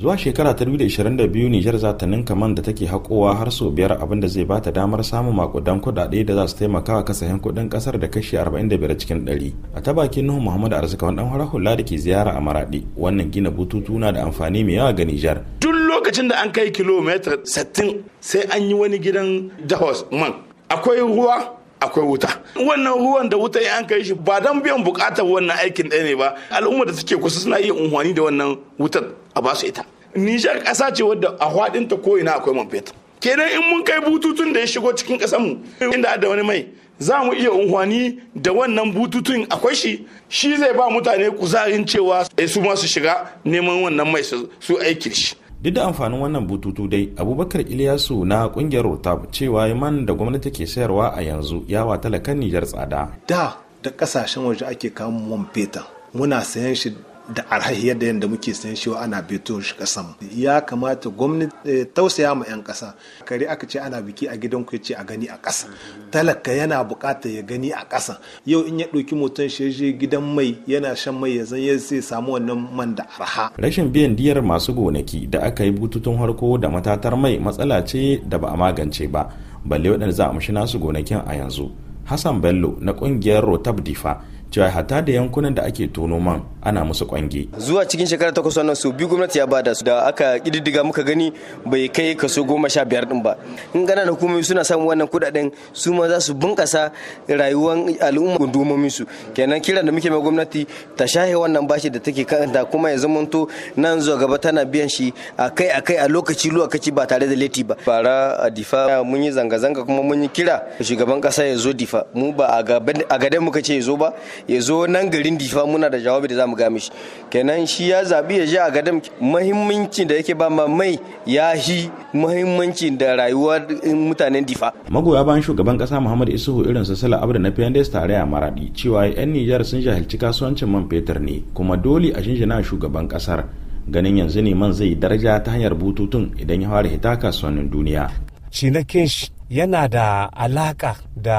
zuwa shekara ta 2022 nijar za ta ninka man da take haƙowa har sau biyar abinda zai ba ta damar samun makudan kuɗaɗe da za su taimaka wa kasahin kuɗin ƙasar da kashi 45 cikin 100 a ta nuhu muhammadu arzika wani ɗan hula da ke ziyara a maraɗi wannan gina bututu na da amfani mai yawa ga nijar tun lokacin da an kai kilomita 60 sai an yi wani gidan dahos man akwai ruwa akwai wuta wannan ruwan da wuta an kai shi ba dan biyan bukatar wannan aikin ɗaya ne ba al'ummar da suke kusa suna iya unhwani da wannan wutar a basu ita nijar ƙasa ce wadda a haɗinta ko ina akwai man fetur kenan in mun kai bututun da ya shigo cikin ƙasarmu inda da wani mai za mu iya unhwani da wannan bututun akwai shi shi zai ba mutane kuzarin cewa eh, su ma su shiga neman wannan mai su aikin shi duk da amfanin wannan bututu dai abubakar iliyasu na kungiyar rotab cewa man da gwamnati ke sayarwa a yanzu ya wa talakan nijar tsada da da kasashen waje ake kawo man fetur muna sayan shi da arhahiyar da yadda muke san shi ana beto shi kasan ya kamata gwamnati eh, tausaya ma yan kasa kare aka ce ana biki a gidan ku ce a gani a kasa talaka yana bukata ya gani a kasa yau in ya ɗauki motar shi je gidan mai yana shan mai ya zan sai samu wannan man da arha rashin biyan diyar masu gonaki da aka yi bututun harko da matatar mai matsala ce da ba a magance ba balle waɗanda za a mashi nasu gonakin a yanzu hassan bello na ƙungiyar rotab difa cewa hatta da yankunan da ake tono man ana musu kwange. Zuwa cikin shekara takwas wannan su biyu gwamnati ya bada su da aka kididdiga muka gani bai kai kaso goma sha biyar din ba. In gana da hukumomi suna samun wannan kudaden su ma za su bunkasa rayuwar al'umma gundumomin su. Kenan kiran da muke mai gwamnati ta shahe wannan bashi da take kanta kuma ya zama to nan zuwa gaba tana biyan shi akai akai a lokaci lokaci ba tare da leti ba. Bara a difa mun yi zanga-zanga kuma mun yi kira shugaban kasa ya zo difa mu ba a gaban muka ce ya zo ba ya zo nan garin difa muna da jawabi da za mu ga shi kenan shi ya zabi ya je a gadam muhimmancin da yake ba ma mai ya shi muhimmancin da rayuwar eh, mutanen difa magoya bayan shugaban kasa Muhammad Isuhu irin su Sala da na fiyan tare a Maradi cewa yan Nijar sun jahilci kasuwancin man fetur ne kuma dole a shinjina shugaban kasar ganin yanzu ne man zai daraja ta hanyar bututun idan ya fara hita kasuwannin duniya cinikin yana da alaka da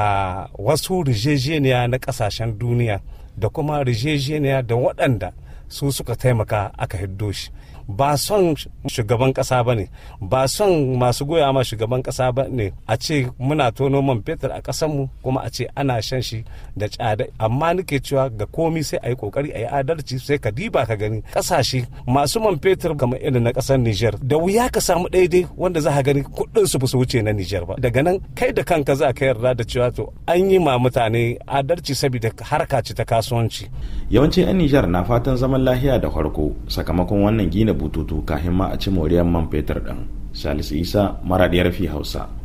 wasu rijejeniya na kasashen duniya da kuma rijejeniya da waɗanda su suka taimaka aka hiddo shi ba son shugaban kasa ba ne ba son masu goya ma shugaban kasa ba ne a ce muna tono man fetur a kasanmu kuma a ce ana shan shi da tsada amma nake cewa ga komi sai a yi kokari a yi adalci sai ka diba ka gani kasashe masu man fetur kamar irin na kasar Niger da wuya ka samu daidai wanda za ka gani kuɗin su su wuce na Niger ba daga nan kai da kanka za ka yarda da cewa to an yi ma mutane adalci saboda harka ce ta kasuwanci yawancin 'yan Niger na fatan zaman lahiya da farko sakamakon wannan gina da bututu kafin ma a ci moriyar man fetur ɗin salisu isa maraɗiyar fi hausa